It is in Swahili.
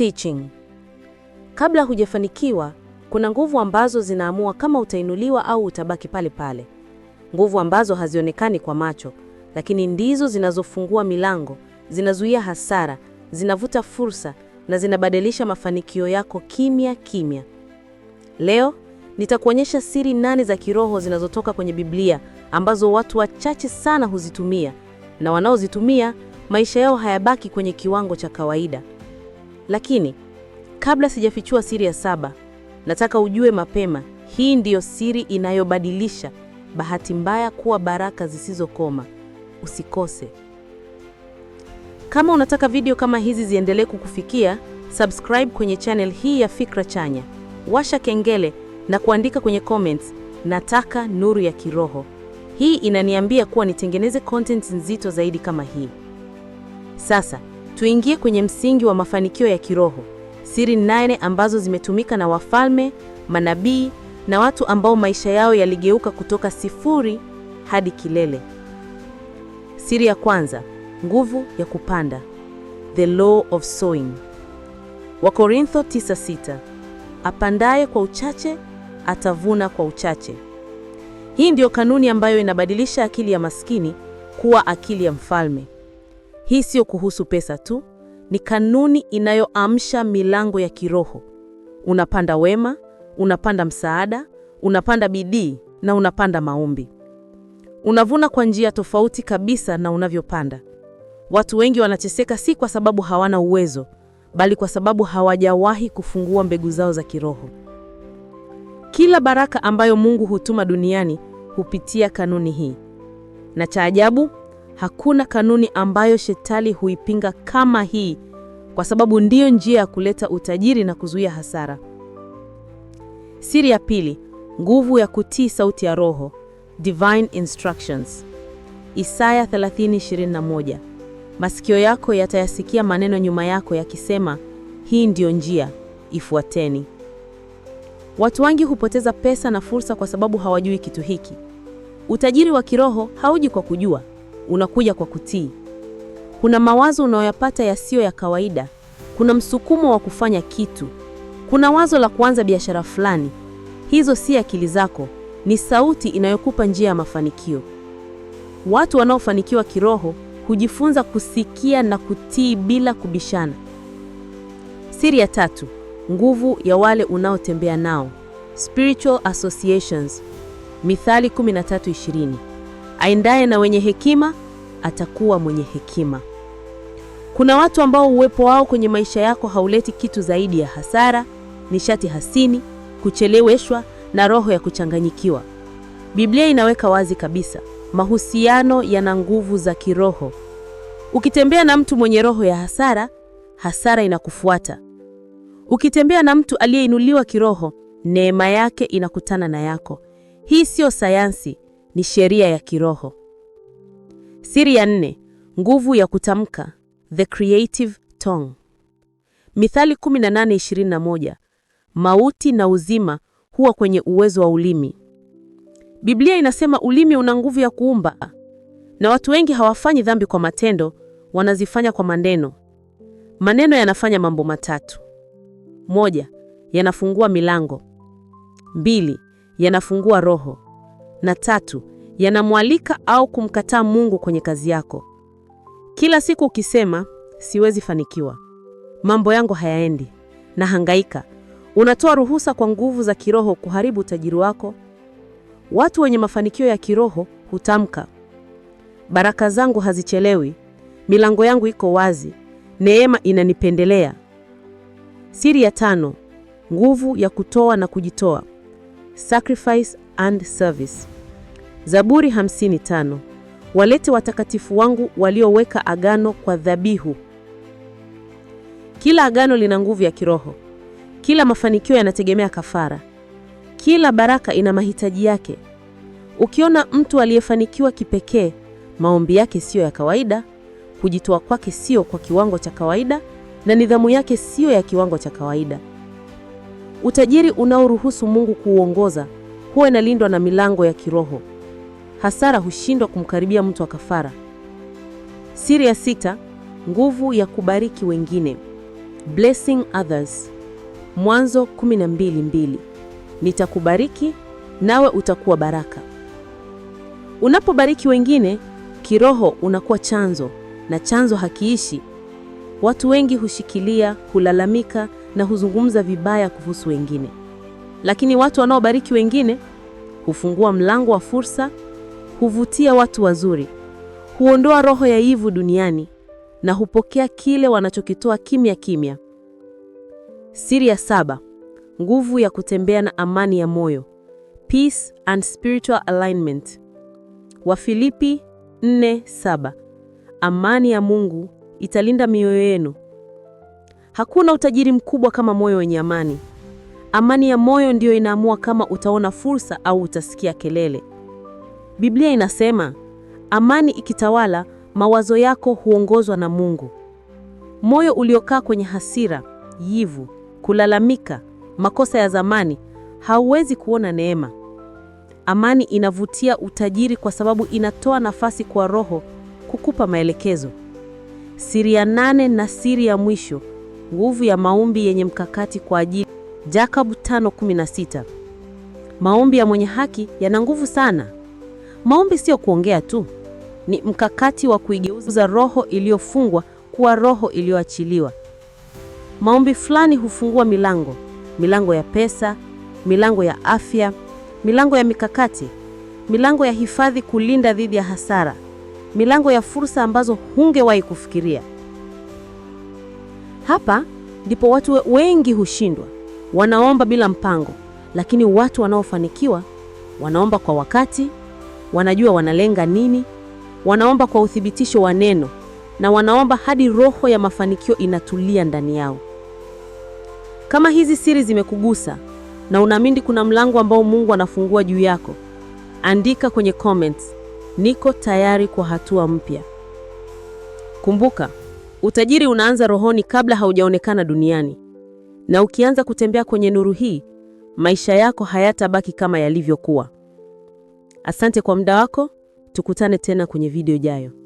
Teaching. Kabla hujafanikiwa, kuna nguvu ambazo zinaamua kama utainuliwa au utabaki pale pale, nguvu ambazo hazionekani kwa macho, lakini ndizo zinazofungua milango, zinazuia hasara, zinavuta fursa na zinabadilisha mafanikio yako kimya kimya. Leo nitakuonyesha siri nane za kiroho zinazotoka kwenye Biblia ambazo watu wachache sana huzitumia, na wanaozitumia maisha yao hayabaki kwenye kiwango cha kawaida. Lakini kabla sijafichua siri ya saba, nataka ujue mapema, hii ndiyo siri inayobadilisha bahati mbaya kuwa baraka zisizokoma. Usikose. Kama unataka video kama hizi ziendelee kukufikia, subscribe kwenye channel hii ya Fikra Chanya, washa kengele na kuandika kwenye comments, nataka nuru ya kiroho. Hii inaniambia kuwa nitengeneze content nzito zaidi kama hii. Sasa Tuingie kwenye msingi wa mafanikio ya kiroho, siri nane ambazo zimetumika na wafalme, manabii na watu ambao maisha yao yaligeuka kutoka sifuri hadi kilele. Siri ya kwanza, nguvu ya kupanda, the law of sowing. Wakorintho 9:6, apandaye kwa uchache atavuna kwa uchache. Hii ndiyo kanuni ambayo inabadilisha akili ya maskini kuwa akili ya mfalme. Hii sio kuhusu pesa tu, ni kanuni inayoamsha milango ya kiroho. Unapanda wema, unapanda msaada, unapanda bidii na unapanda maombi. Unavuna kwa njia tofauti kabisa na unavyopanda. Watu wengi wanateseka si kwa sababu hawana uwezo, bali kwa sababu hawajawahi kufungua mbegu zao za kiroho. Kila baraka ambayo Mungu hutuma duniani hupitia kanuni hii, na cha ajabu Hakuna kanuni ambayo shetani huipinga kama hii, kwa sababu ndiyo njia ya kuleta utajiri na kuzuia hasara. Siri ya pili, nguvu ya kutii sauti ya Roho, divine instructions. Isaya 30:21, masikio yako yatayasikia maneno nyuma yako yakisema, hii ndiyo njia, ifuateni. Watu wengi hupoteza pesa na fursa kwa sababu hawajui kitu hiki. Utajiri wa kiroho hauji kwa kujua, unakuja kwa kutii. Kuna mawazo unayoyapata yasiyo ya kawaida, kuna msukumo wa kufanya kitu, kuna wazo la kuanza biashara fulani. Hizo si akili zako, ni sauti inayokupa njia ya mafanikio. Watu wanaofanikiwa kiroho hujifunza kusikia na kutii bila kubishana. Siri ya tatu: nguvu ya wale unaotembea nao, spiritual associations. Mithali 13:20. Aendaye na wenye hekima atakuwa mwenye hekima. Kuna watu ambao uwepo wao kwenye maisha yako hauleti kitu zaidi ya hasara, nishati hasini, kucheleweshwa na roho ya kuchanganyikiwa. Biblia inaweka wazi kabisa, mahusiano yana nguvu za kiroho. Ukitembea na mtu mwenye roho ya hasara, hasara inakufuata. Ukitembea na mtu aliyeinuliwa kiroho, neema yake inakutana na yako. Hii siyo sayansi, ni sheria ya kiroho. Siri ya nne, nguvu ya kutamka, the creative tongue. Mithali 18:21, mauti na uzima huwa kwenye uwezo wa ulimi. Biblia inasema ulimi una nguvu ya kuumba, na watu wengi hawafanyi dhambi kwa matendo, wanazifanya kwa maneno. Maneno yanafanya mambo matatu: moja, yanafungua milango; mbili, yanafungua roho na tatu, yanamwalika au kumkataa Mungu kwenye kazi yako. Kila siku ukisema siwezi fanikiwa, mambo yangu hayaendi, nahangaika, unatoa ruhusa kwa nguvu za kiroho kuharibu utajiri wako. Watu wenye mafanikio ya kiroho hutamka, baraka zangu hazichelewi, milango yangu iko wazi, neema inanipendelea. Siri ya tano, nguvu ya kutoa na kujitoa, sacrifice and service. Zaburi 55. Walete watakatifu wangu walioweka agano kwa dhabihu. Kila agano lina nguvu ya kiroho. Kila mafanikio yanategemea kafara. Kila baraka ina mahitaji yake. Ukiona mtu aliyefanikiwa kipekee, maombi yake siyo ya kawaida, kujitoa kwake sio kwa kiwango cha kawaida, na nidhamu yake siyo ya kiwango cha kawaida. Utajiri unaoruhusu Mungu kuuongoza huwa inalindwa na milango ya kiroho. Hasara hushindwa kumkaribia mtu wa kafara. Siri ya sita: nguvu ya kubariki wengine, blessing others. Mwanzo 12:2 nitakubariki nawe utakuwa baraka. Unapobariki wengine kiroho, unakuwa chanzo na chanzo hakiishi. Watu wengi hushikilia, hulalamika na huzungumza vibaya kuhusu wengine. Lakini watu wanaobariki wengine hufungua mlango wa fursa, huvutia watu wazuri, huondoa roho ya ivu duniani na hupokea kile wanachokitoa kimya kimya. Siri ya saba: nguvu ya kutembea na amani ya moyo, peace and spiritual alignment. Wafilipi 4:7. Amani ya Mungu italinda mioyo yenu. Hakuna utajiri mkubwa kama moyo wenye amani. Amani ya moyo ndiyo inaamua kama utaona fursa au utasikia kelele. Biblia inasema, amani ikitawala, mawazo yako huongozwa na Mungu. Moyo uliokaa kwenye hasira, yivu, kulalamika, makosa ya zamani, hauwezi kuona neema. Amani inavutia utajiri kwa sababu inatoa nafasi kwa roho kukupa maelekezo. Siri ya nane na siri ya mwisho, nguvu ya maombi yenye mkakati kwa ajili Yakobo 5:16. Maombi ya mwenye haki yana nguvu sana. Maombi sio kuongea tu, ni mkakati wa kuigeuza roho iliyofungwa kuwa roho iliyoachiliwa. Maombi fulani hufungua milango, milango ya pesa, milango ya afya, milango ya mikakati, milango ya hifadhi kulinda dhidi ya hasara, milango ya fursa ambazo hungewahi kufikiria. Hapa ndipo watu wengi hushindwa. Wanaomba bila mpango, lakini watu wanaofanikiwa wanaomba kwa wakati, wanajua wanalenga nini, wanaomba kwa uthibitisho wa neno na wanaomba hadi roho ya mafanikio inatulia ndani yao. Kama hizi siri zimekugusa na unaamini kuna mlango ambao Mungu anafungua juu yako, andika kwenye comments, niko tayari kwa hatua mpya. Kumbuka, utajiri unaanza rohoni kabla haujaonekana duniani na ukianza kutembea kwenye nuru hii, maisha yako hayatabaki kama yalivyokuwa. Asante kwa muda wako, tukutane tena kwenye video ijayo.